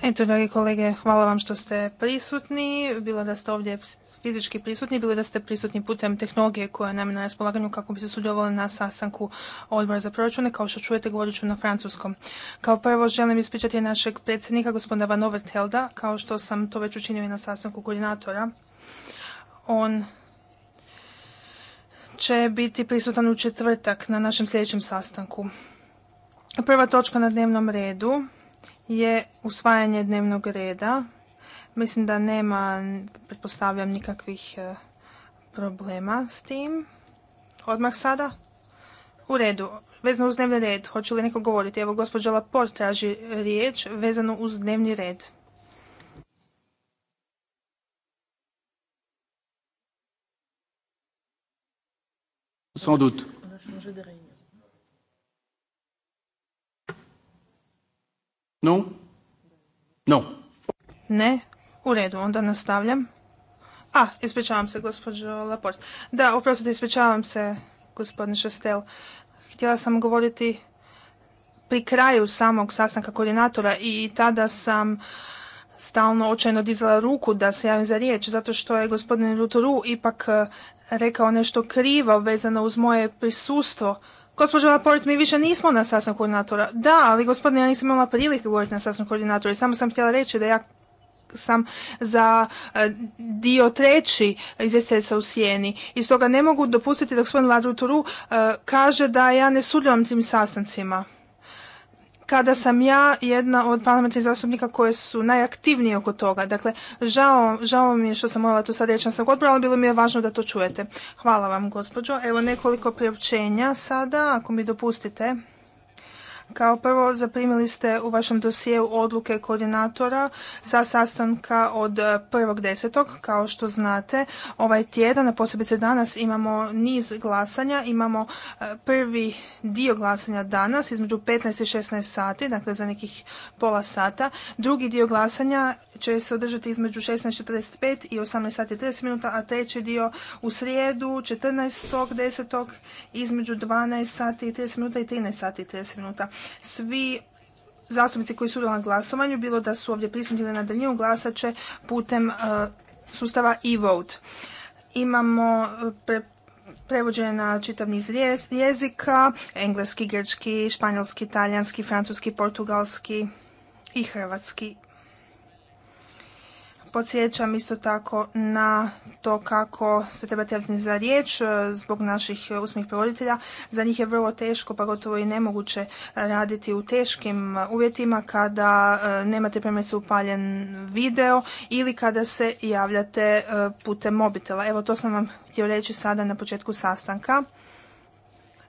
Eto, kolege, hvala vam što ste prisutni, bilo da ste ovdje fizički prisutni, bilo da ste prisutni putem tehnologije koja nam je na raspolaganju kako bi se sudjelovali na sastanku odbora za proračune. Kao što čujete, govorit ću na francuskom. Kao prvo želim ispričati našeg predsjednika, gospodina Van Overtelda, kao što sam to već učinio i na sastanku koordinatora. On će biti prisutan u četvrtak na našem sljedećem sastanku. Prva točka na dnevnom redu je usvajanje dnevnog reda. Mislim da nema, pretpostavljam, nikakvih e, problema s tim. Odmah sada? U redu. Vezano uz dnevni red, hoće li neko govoriti? Evo, gospođa Laport traži riječ vezano uz dnevni red. Sans doute. No? No. Ne? U redu, onda nastavljam. A, ispričavam se, gospođo Laport. Da, oprostite, ispričavam se, gospodin Šestel. Htjela sam govoriti pri kraju samog sastanka koordinatora i tada sam stalno očajno dizala ruku da se javim za riječ, zato što je gospodin Rutoru ipak eh, rekao nešto krivo vezano uz moje prisustvo Gospođo Laport, mi više nismo na sastanku koordinatora. Da, ali gospodine, ja nisam imala prilike govoriti na sastanku koordinatora. Samo sam htjela reći da ja sam za e, dio treći izvjestiteljica u sjeni i stoga ne mogu dopustiti da gospodin Ladru Turu e, kaže da ja ne sudjelujem tim sastancima kada sam ja jedna od parlamentarnih zastupnika koje su najaktivnije oko toga. Dakle, žao, žao mi je što sam morala tu sad reći na ali bilo mi je važno da to čujete. Hvala vam, gospođo. Evo nekoliko priopćenja sada, ako mi dopustite. Kao prvo zaprimili ste u vašem dosijeu odluke koordinatora sa sastanka od 1.10. Kao što znate, ovaj tjedan, a posebice danas imamo niz glasanja. Imamo e, prvi dio glasanja danas između 15 i 16 sati, dakle za nekih pola sata. Drugi dio glasanja će se održati između 16.45 i 18 sati minuta, a treći dio u srijedu 14.10. između 12 sati i minuta i 13 sati i minuta. Svi zastupnici koji su na glasovanju, bilo da su ovdje prisutni na daljinu, glasat će putem e, sustava e-vote. Imamo e, prevođene na čitav niz jezika, engleski, grčki, španjolski, talijanski, francuski, portugalski i hrvatski Podsjećam isto tako na to kako se treba tjeliti za riječ e, zbog naših usmih provoditelja. Za njih je vrlo teško, pa gotovo i nemoguće e, raditi u teškim e, uvjetima kada nemate se upaljen video ili kada se javljate putem mobitela. Evo to sam vam htio reći sada na početku sastanka.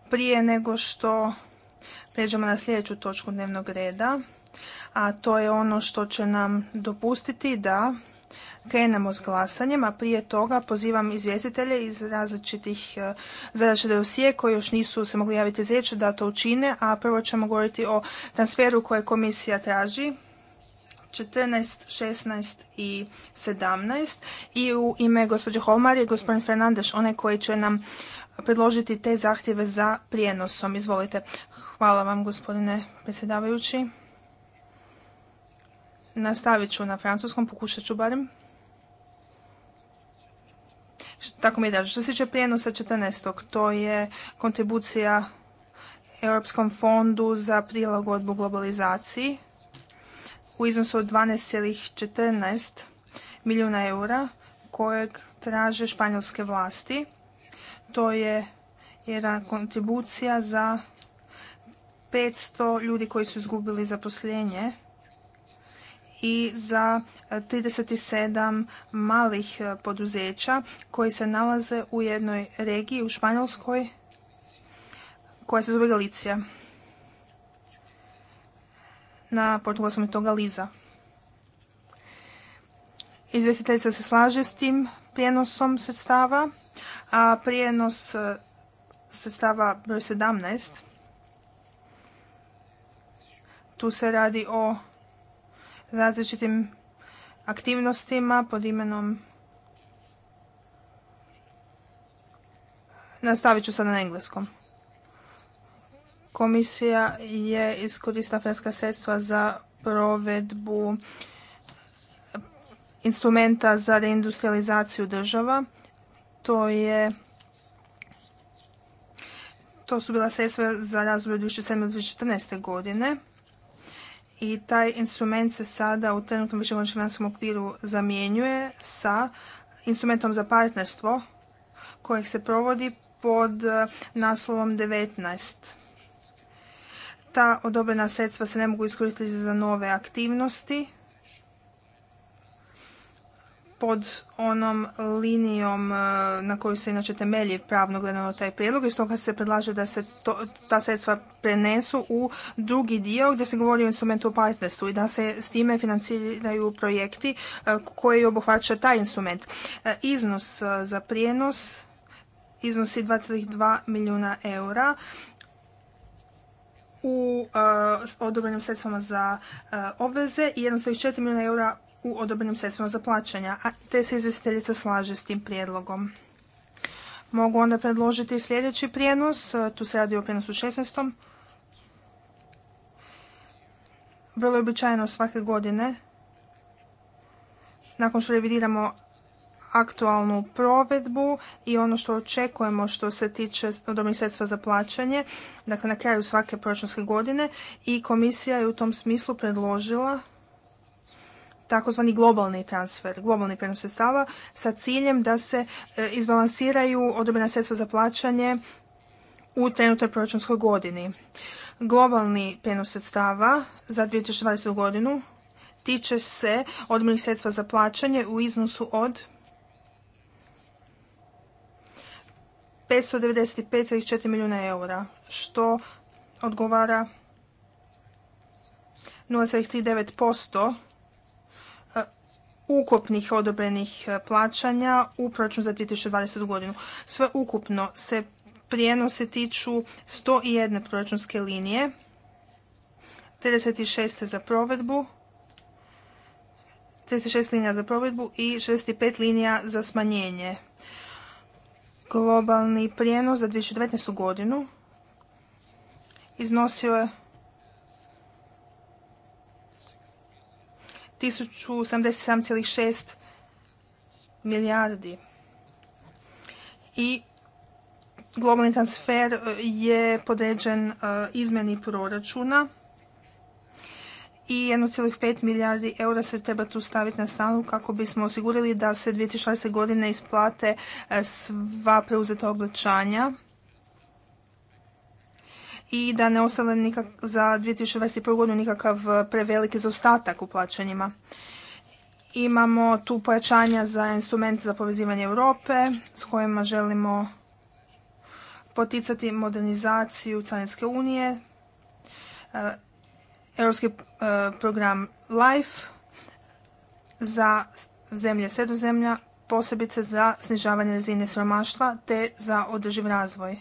Prije nego što pređemo na sljedeću točku dnevnog reda, a to je ono što će nam dopustiti da krenemo s glasanjem, a prije toga pozivam izvjestitelje iz različitih e, zadaća da je koji još nisu se mogli javiti za riječ da to učine, a prvo ćemo govoriti o transferu koje komisija traži 14, 16 i 17 i u ime gospođe Holmar i gospodin Fernandeš onaj koji će nam predložiti te zahtjeve za prijenosom. Izvolite. Hvala vam gospodine predsjedavajući. Nastavit ću na francuskom, pokušat ću barem. Tako mi je Što se tiče prijenosa 14. to je kontribucija Europskom fondu za prilagodbu globalizaciji u iznosu od 12,14 milijuna eura kojeg traže španjolske vlasti. To je jedna kontribucija za 500 ljudi koji su izgubili zaposljenje i za 37 e, malih e, poduzeća koji se nalaze u jednoj regiji u Španjolskoj koja se zove Galicija. Na portugalskom je to Galiza. Izvjestiteljica se slaže s tim prijenosom sredstava, a prijenos e, sredstava broj 17. Tu se radi o različitim aktivnostima pod imenom Nastavit ću sada na engleskom. Komisija je iskoristila financijska sredstva za provedbu instrumenta za reindustrializaciju država. To je to su bila sredstva za razvoj 2007. 2014. godine i taj instrument se sada u trenutnom višegodišnjem financijskom okviru zamjenjuje sa instrumentom za partnerstvo kojeg se provodi pod e, naslovom 19. Ta odobrena sredstva se ne mogu iskoristiti za nove aktivnosti pod onom linijom e, na koju se inače temelji pravno gledano taj prijedlog i stoga se predlaže da se ta sredstva prenesu u drugi dio gdje se govori o instrumentu o partnerstvu i da se s time financiraju projekti e, koji obuhvaća taj instrument. E, iznos za prijenos iznosi 2,2 milijuna eura u odobrenim sredstvama za obveze i 1,4 milijuna eura u odobrenim sredstvima za plaćanja, a te se izvjestiteljica slaže s tim prijedlogom. Mogu onda predložiti sljedeći prijenos, e, tu se radi o prijenosu 16. Vrlo je običajno svake godine, nakon što revidiramo aktualnu provedbu i ono što očekujemo što se tiče odobrenih sredstva za plaćanje, dakle na kraju svake proračunske godine i komisija je u tom smislu predložila takozvani globalni transfer, globalni prenos sredstava sa ciljem da se e, izbalansiraju odobrena sredstva za plaćanje u trenutnoj proračunskoj godini. Globalni prenos sredstava za 2020. godinu tiče se odobrenih sredstva za plaćanje u iznosu od 595,4 milijuna eura, što odgovara 0,39% ukupnih odobrenih e, plaćanja u proračun za 2020. godinu. Sve ukupno se prijenose tiču 101 proračunske linije, 36 za provedbu, 36 linija za provedbu i 65 linija za smanjenje. Globalni prijenos za 2019. godinu iznosio je 1077,6 milijardi. I globalni transfer e, je podređen e, izmjeni proračuna i 1,5 milijardi eura se treba tu staviti na stanu kako bismo osigurali da se 2016. godine isplate e, sva preuzeta oblačanja i da ne ostale nikak, za 2021. godinu nikakav e, preveliki zaostatak u plaćanjima. Imamo tu pojačanja za instrument za povezivanje Europe s kojima želimo poticati modernizaciju Carinske unije, e, europski e, program LIFE za zemlje sredozemlja, posebice za snižavanje razine siromaštva te za održiv razvoj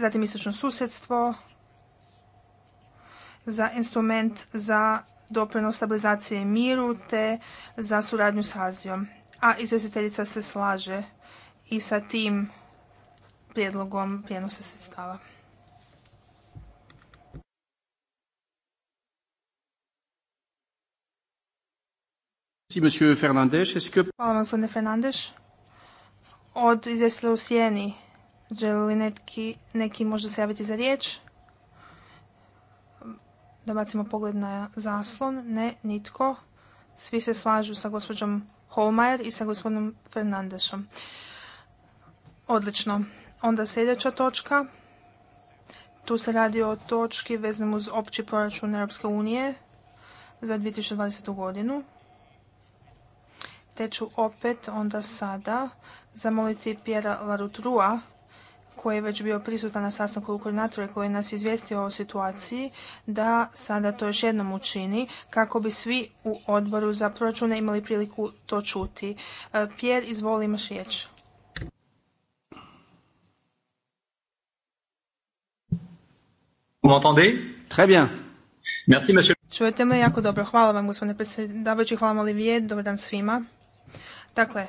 zatim istočno susjedstvo, za instrument za doprinos stabilizacije i miru te za suradnju s Azijom. A izvjestiteljica se slaže i sa tim prijedlogom prijenosa sredstava. Hvala vam, gospodine Fernandeš. Od izvjestila u Sijeni Želi li neki, možda se javiti za riječ? Da bacimo pogled na zaslon. Ne, nitko. Svi se slažu sa gospođom Holmajer i sa gospodinom Fernandešom. Odlično. Onda sljedeća točka. Tu se radi o točki vezano uz opći proračun Europske unije za 2020. godinu. Te ću opet onda sada zamoliti Pjera Larutrua koji je već bio prisutan na sastanku koordinatora koji je nas izvijestio o situaciji da sada to još jednom učini kako bi svi u odboru za proračune imali priliku to čuti. E, Pjer, izvoli imaš riječ. Čujete me jako dobro. Hvala vam gospodine predsjedavajući, hvala vam Olivier, dobar dan svima. Dakle,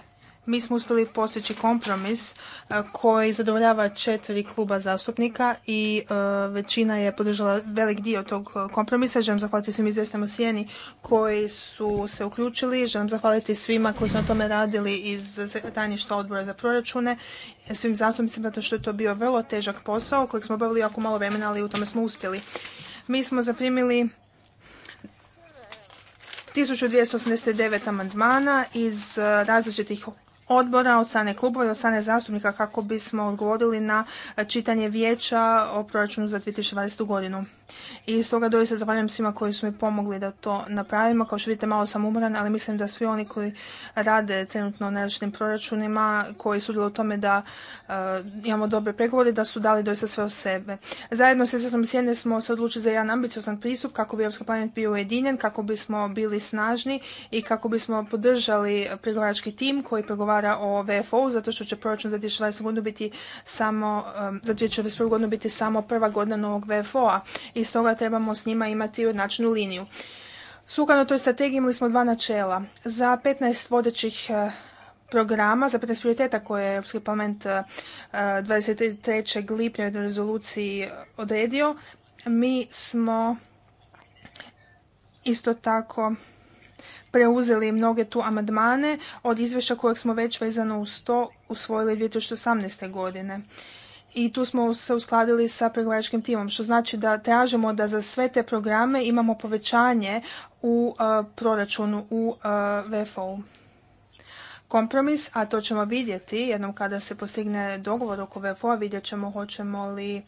mi smo uspjeli postići kompromis e, koji zadovoljava četiri kluba zastupnika i e, većina je podržala velik dio tog kompromisa. Želim zahvaliti svim izvjestima u koji su se uključili. Želim zahvaliti svima koji su na tome radili iz tajništva odbora za proračune, svim zastupnicima zato što je to bio vrlo težak posao kojeg smo obavili jako malo vremena, ali u tome smo uspjeli. Mi smo zaprimili 1289 amandmana iz e, različitih odbora, od strane klubova i od strane zastupnika kako bismo odgovorili na čitanje vijeća o proračunu za 2020. godinu. I stoga doista zahvaljujem svima koji su mi pomogli da to napravimo. Kao što vidite, malo sam umoran, ali mislim da svi oni koji rade trenutno na različitim proračunima, koji su u tome da eh, imamo dobre pregovore, da su dali doista sve od sebe. Zajedno sa Svetom Sjene smo se odlučili za jedan ambiciozan pristup kako bi Europski parlament bio ujedinjen, kako bismo bili snažni i kako bismo podržali pregovarački tim koji pregovara o vfo zato što će proračun za godinu biti samo, um, za 2021. godinu biti samo prva godina novog VFO-a. I i stoga trebamo s njima imati ujednačenu liniju. Sukladno toj strategiji imali smo dva načela. Za 15 vodećih e, programa za 15 prioriteta koje je Europski parlament 23. E, lipnja u rezoluciji odredio, mi smo isto tako preuzeli mnoge tu amandmane od izvješća kojeg smo već vezano uz to usvojili 2018. godine i tu smo se uskladili sa pregovaračkim timom, što znači da tražimo da za sve te programe imamo povećanje u uh, proračunu u uh, VFO-u. Kompromis, a to ćemo vidjeti jednom kada se postigne dogovor oko VFO-a, vidjet ćemo hoćemo li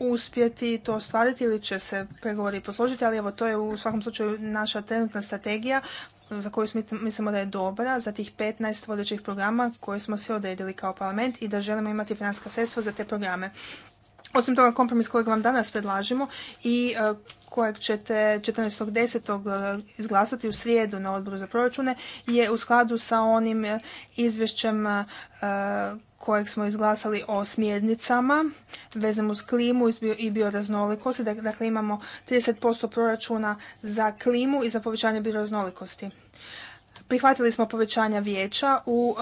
uspjeti to ostvariti ili će se pregovori posložiti, ali evo to je u svakom slučaju naša trenutna strategija za koju mislimo da je dobra za tih 15 vodećih programa koje smo se odredili kao parlament i da želimo imati financijska sredstva za te programe. Osim toga, kompromis kojeg vam danas predlažimo i e, kojeg ćete 14.10. E, izglasati u srijedu na odboru za proračune je u skladu sa onim e, izvješćem kojeg smo izglasali o smjernicama vezano uz klimu i bioraznolikosti. Dakle, imamo 30% proračuna za klimu i za povećanje bioraznolikosti. Prihvatili smo povećanja vijeća u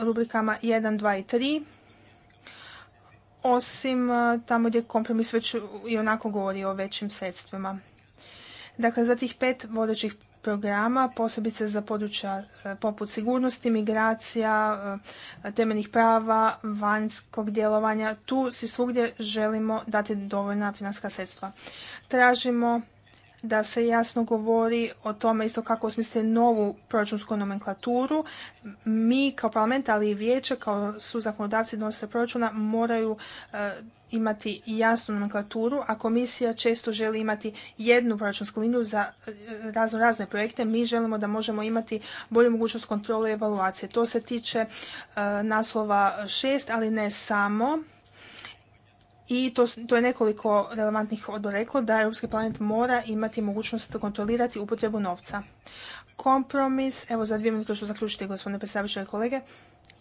rubrikama 1, 2 i 3 osim e, tamo gdje kompromis već i onako govori o većim sredstvima. Dakle, za tih pet vodećih programa, posebice za područja e, poput sigurnosti, migracija, e, temeljnih prava, vanjskog djelovanja. Tu si svugdje želimo dati dovoljna finanska sredstva. Tražimo da se jasno govori o tome isto kako osmisli novu proračunsku nomenklaturu. Mi kao parlament, ali i vijeće kao su zakonodavci donose proračuna moraju eh, imati jasnu nomenklaturu, a komisija često želi imati jednu proračunsku liniju za eh, razno razne projekte. Mi želimo da možemo imati bolju mogućnost kontrole i evaluacije. To se tiče eh, naslova šest, ali ne samo i to, to je nekoliko relevantnih odbora reklo da Europski planet mora imati mogućnost kontrolirati upotrebu novca. Kompromis, evo za dvije minute što zaključite gospodine predstavljače kolege,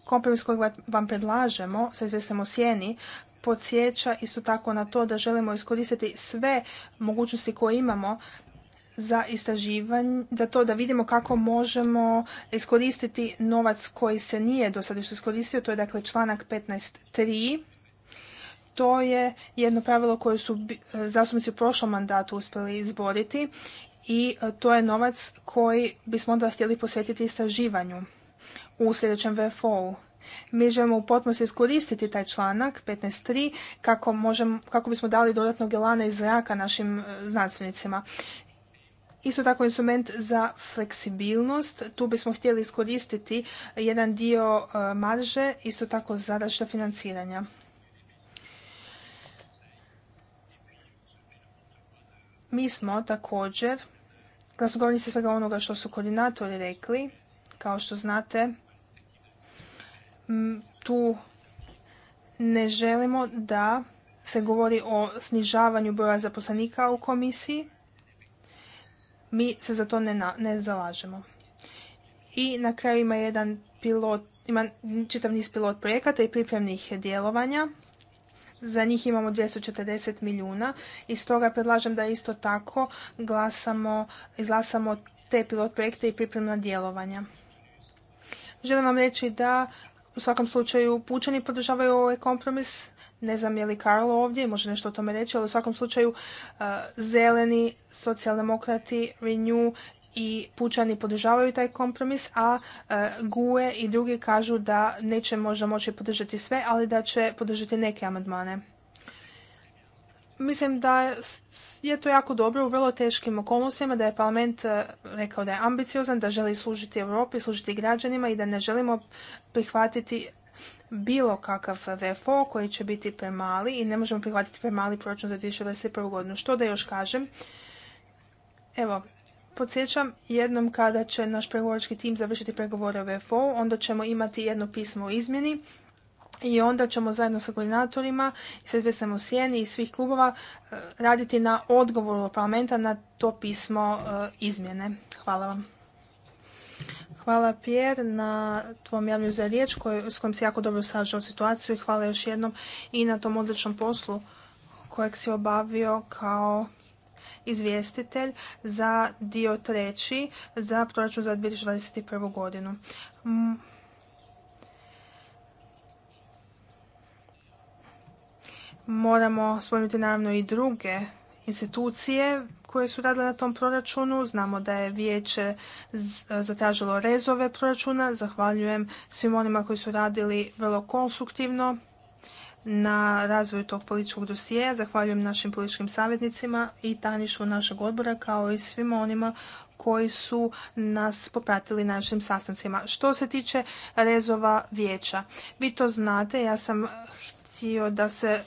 kompromis kojeg vam predlažemo sa izvjestom o sjeni podsjeća isto tako na to da želimo iskoristiti sve mogućnosti koje imamo za istraživanje, za to da vidimo kako možemo iskoristiti novac koji se nije do sada iskoristio, to je dakle članak 15.3 to je jedno pravilo koje su zastupnici u prošlom mandatu uspjeli izboriti i e, to je novac koji bismo onda htjeli posjetiti istraživanju u sljedećem VFO-u. Mi želimo u potpunosti iskoristiti taj članak 15.3 kako, kako bismo dali dodatnog gelana iz zraka našim e, znanstvenicima. Isto tako instrument za fleksibilnost. Tu bismo htjeli iskoristiti jedan dio e, marže, isto tako za financiranja. Mi smo također glasogovnici svega onoga što su koordinatori rekli. Kao što znate, tu ne želimo da se govori o snižavanju broja zaposlenika u komisiji. Mi se za to ne, ne zalažemo. I na kraju ima jedan pilot, ima čitav niz pilot projekata i pripremnih djelovanja za njih imamo 240 milijuna i stoga predlažem da isto tako glasamo, izglasamo te pilot projekte i pripremna djelovanja. Želim vam reći da u svakom slučaju pučani podržavaju ovaj kompromis. Ne znam je li Karlo ovdje, može nešto o tome reći, ali u svakom slučaju e, zeleni, socijaldemokrati, Renew i pučani podržavaju taj kompromis, a e, GUE i drugi kažu da neće možda moći podržati sve, ali da će podržati neke amandmane. Mislim da je to jako dobro u vrlo teškim okolnostima, da je parlament e, rekao da je ambiciozan, da želi služiti Europi, služiti građanima i da ne želimo prihvatiti bilo kakav VFO koji će biti premali i ne možemo prihvatiti premali proračun za 2021. godinu. Što da još kažem? Evo, podsjećam, jednom kada će naš pregovarački tim završiti pregovore u VFO, onda ćemo imati jedno pismo o izmjeni i onda ćemo zajedno sa koordinatorima i sa u sjeni i svih klubova e, raditi na odgovoru parlamenta na to pismo e, izmjene. Hvala vam. Hvala Pierre na tvom javlju za riječ s kojim si jako dobro sažao situaciju i hvala još jednom i na tom odličnom poslu kojeg si obavio kao izvjestitelj za dio treći za proračun za 2021. godinu. Moramo spomenuti naravno i druge institucije koje su radile na tom proračunu. Znamo da je vijeće zatražilo rezove proračuna. Zahvaljujem svim onima koji su radili vrlo konstruktivno na razvoju tog političkog dosijeja. Zahvaljujem našim političkim savjetnicima i tanišu našeg odbora kao i svima onima koji su nas popratili našim sastancima. Što se tiče rezova vijeća, vi to znate, ja sam htio da se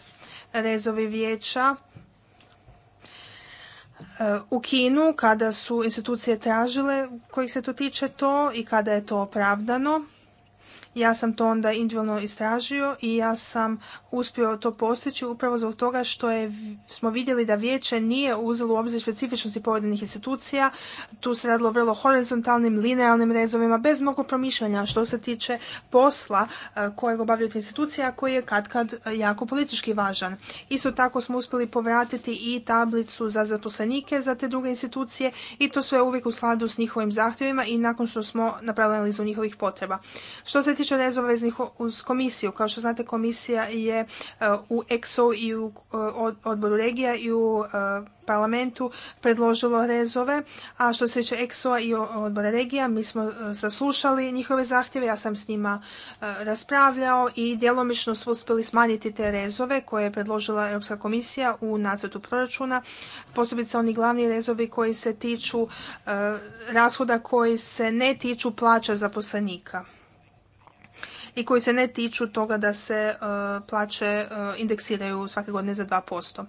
rezovi vijeća e, u Kinu kada su institucije tražile kojih se to tiče to i kada je to opravdano. Ja sam to onda individualno istražio i ja sam uspio to postići upravo zbog toga što je, smo vidjeli da vijeće nije uzelo u obzir specifičnosti povedenih institucija. Tu se radilo vrlo horizontalnim, linealnim rezovima, bez mnogo promišljanja što se tiče posla e, kojeg obavljaju institucija, koji je katkad e, jako politički važan. Isto tako smo uspjeli povratiti i tablicu za zaposlenike za te druge institucije i to sve uvijek u skladu s njihovim zahtjevima i nakon što smo napravili analizu njihovih potreba. Što se tiče rezova uz komisiju, kao što znate komisija je e, u EXO i u e, odboru regija i u e, parlamentu predložilo rezove, a što se tiče EXO-a i odbora regija, mi smo saslušali njihove zahtjeve, ja sam s njima raspravljao i djelomično smo uspjeli smanjiti te rezove koje je predložila Europska komisija u nacrtu proračuna, posebice oni glavni rezovi koji se tiču rashoda koji se ne tiču plaća zaposlenika i koji se ne tiču toga da se e, plaće e, indeksiraju svake godine za 2%.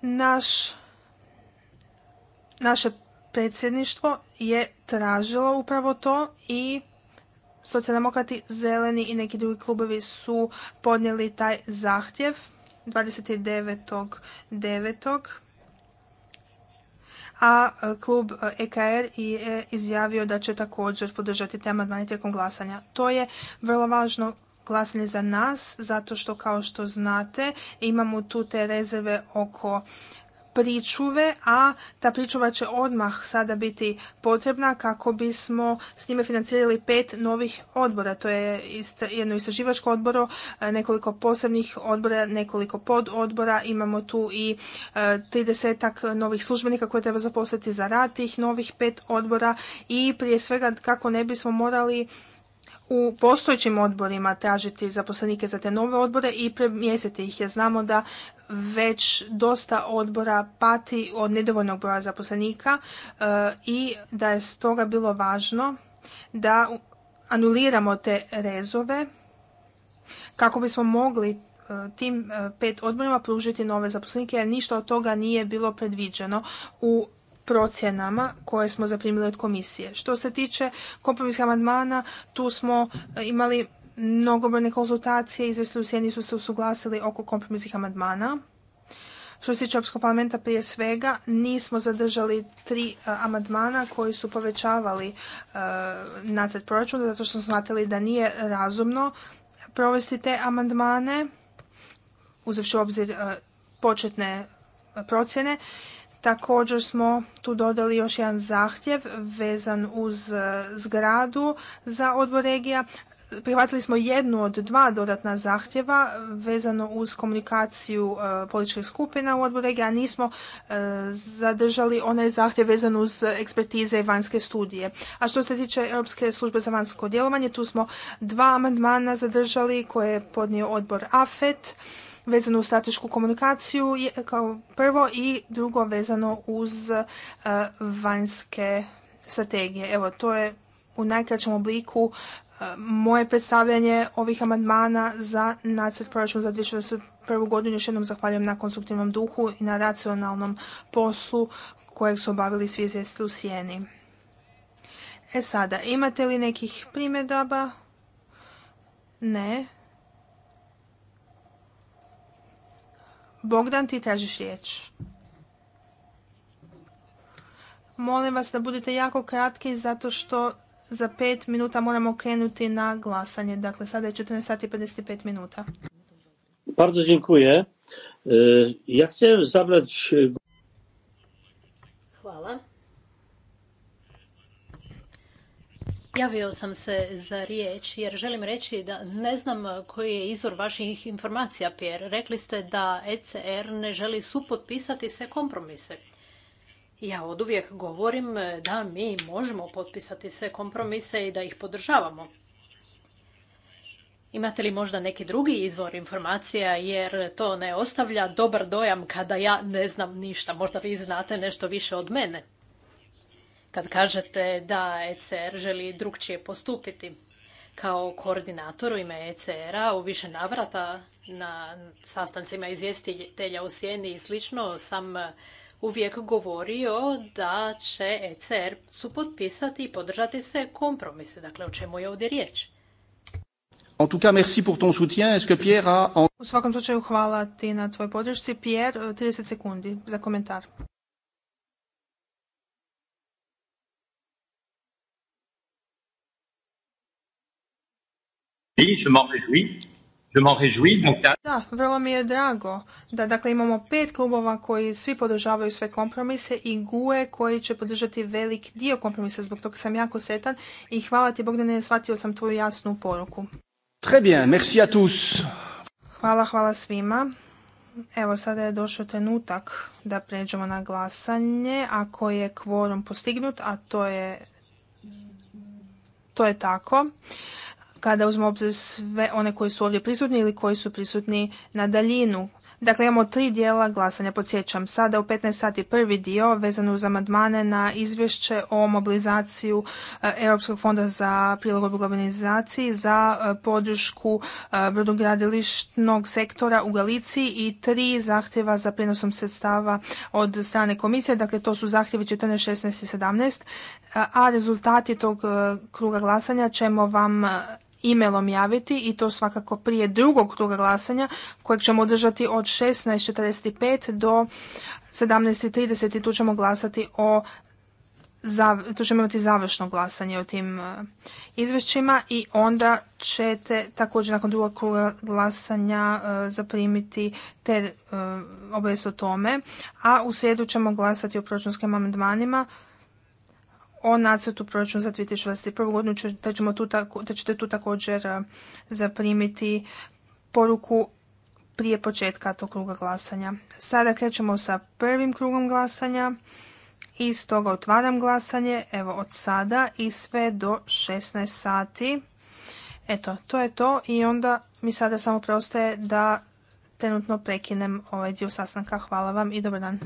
Naš, naše predsjedništvo je tražilo upravo to i socijaldemokrati, zeleni i neki drugi klubovi su podnijeli taj zahtjev 29.9 a e, klub EKR e je izjavio da će također podržati te amandmane tijekom glasanja. To je vrlo važno glasanje za nas, zato što kao što znate imamo tu te rezerve oko pričuve, a ta pričuva će odmah sada biti potrebna kako bismo s njime financirali pet novih odbora. To je jedno istraživačko odboro, e, nekoliko posebnih odbora, nekoliko pododbora. Imamo tu i e, tridesetak novih službenika koje treba zaposliti za rad tih novih pet odbora i prije svega kako ne bismo morali u postojećim odborima tražiti zaposlenike za te nove odbore i premjestiti ih jer znamo da već dosta odbora pati od nedovoljnog broja zaposlenika e, i da je stoga bilo važno da anuliramo te rezove kako bismo mogli e, tim e, pet odborima pružiti nove zaposlenike jer ništa od toga nije bilo predviđeno u procjenama koje smo zaprimili od komisije. Što se tiče kompromisnih amandmana, tu smo e, imali mnogobrojne konzultacije, izvesti u sjeni su se usuglasili oko kompromisnih amandmana. Što se tiče Europskog parlamenta prije svega, nismo zadržali tri e, amandmana koji su povećavali e, nacrt proračuna, zato što smo smatrali da nije razumno provesti te amandmane, uzavši u obzir početne procjene Također smo tu dodali još jedan zahtjev vezan uz e, zgradu za odbor regija. Prihvatili smo jednu od dva dodatna zahtjeva vezano uz komunikaciju e, političkih skupina u odboru regija, a nismo e, zadržali onaj zahtjev vezan uz ekspertize i vanjske studije. A što se tiče Europske službe za vanjsko djelovanje, tu smo dva amandmana zadržali koje je podnio odbor AFET vezano uz stratešku komunikaciju kao prvo i drugo vezano uz e, vanjske strategije. Evo, to je u najkraćem obliku e, moje predstavljanje ovih amandmana za nacrt proračuna za 2021. godinu. Još jednom zahvaljujem na konstruktivnom duhu i na racionalnom poslu kojeg su obavili svi izvijesti u Sijeni. E sada, imate li nekih primjedaba? Ne. Bogdan, ti tražiš riječ. Molim vas da budete jako kratki zato što za pet minuta moramo krenuti na glasanje. Dakle, sada je 14 sati 55 minuta. Bardzo dziękuję. E, ja chcę zabrać Javio sam se za riječ jer želim reći da ne znam koji je izvor vaših informacija, jer Rekli ste da ECR ne želi supotpisati sve kompromise. Ja od uvijek govorim da mi možemo potpisati sve kompromise i da ih podržavamo. Imate li možda neki drugi izvor informacija jer to ne ostavlja dobar dojam kada ja ne znam ništa. Možda vi znate nešto više od mene kad kažete da ECR želi drugčije postupiti. Kao koordinator u ime ECR-a u više navrata na sastancima izvjestitelja u Sjeni i slično sam uvijek govorio da će ECR su i podržati sve kompromise. Dakle, o čemu je ovdje riječ? U svakom slučaju hvala ti na tvoj podršci. Pierre, 30 eh, sekundi za komentar. Da, vrlo mi je drago da dakle imamo pet klubova koji svi podržavaju sve kompromise i GUE koji će podržati velik dio kompromisa, zbog toga sam jako setan i hvala ti ne shvatio sam tvoju jasnu poruku. Très bien, Hvala, hvala svima. Evo sada je došao trenutak da pređemo na glasanje ako je kvorum postignut, a to je to je tako kada uzmemo obzir sve one koji su ovdje prisutni ili koji su prisutni na daljinu. Dakle, imamo tri dijela glasanja, podsjećam. Sada u 15 sati prvi dio vezan uz amandmane na izvješće o mobilizaciju eh, Europskog fonda za prilagodbu globalizaciji za eh, podršku eh, brodogradilišnog sektora u Galiciji i tri zahtjeva za prijenosom sredstava od strane komisije. Dakle, to su zahtjevi 14, 16 i 17. A rezultati tog kruga glasanja ćemo vam e-mailom javiti i to svakako prije drugog kruga glasanja kojeg ćemo održati od 16.45 do 17.30 i tu ćemo glasati o tu ćemo imati završno glasanje o tim e, izvješćima i onda ćete također nakon drugog kruga glasanja e, zaprimiti te e, obavijest o tome, a u srijedu ćemo glasati o proračunskim amandmanima o nacrtu proračuna za 2021. godinu, da tu, ćete tu također e, zaprimiti poruku prije početka tog kruga glasanja. Sada krećemo sa prvim krugom glasanja i stoga otvaram glasanje evo od sada i sve do 16 sati. Eto, to je to i onda mi sada samo preostaje da trenutno prekinem ovaj dio sastanka. Hvala vam i dobar dan.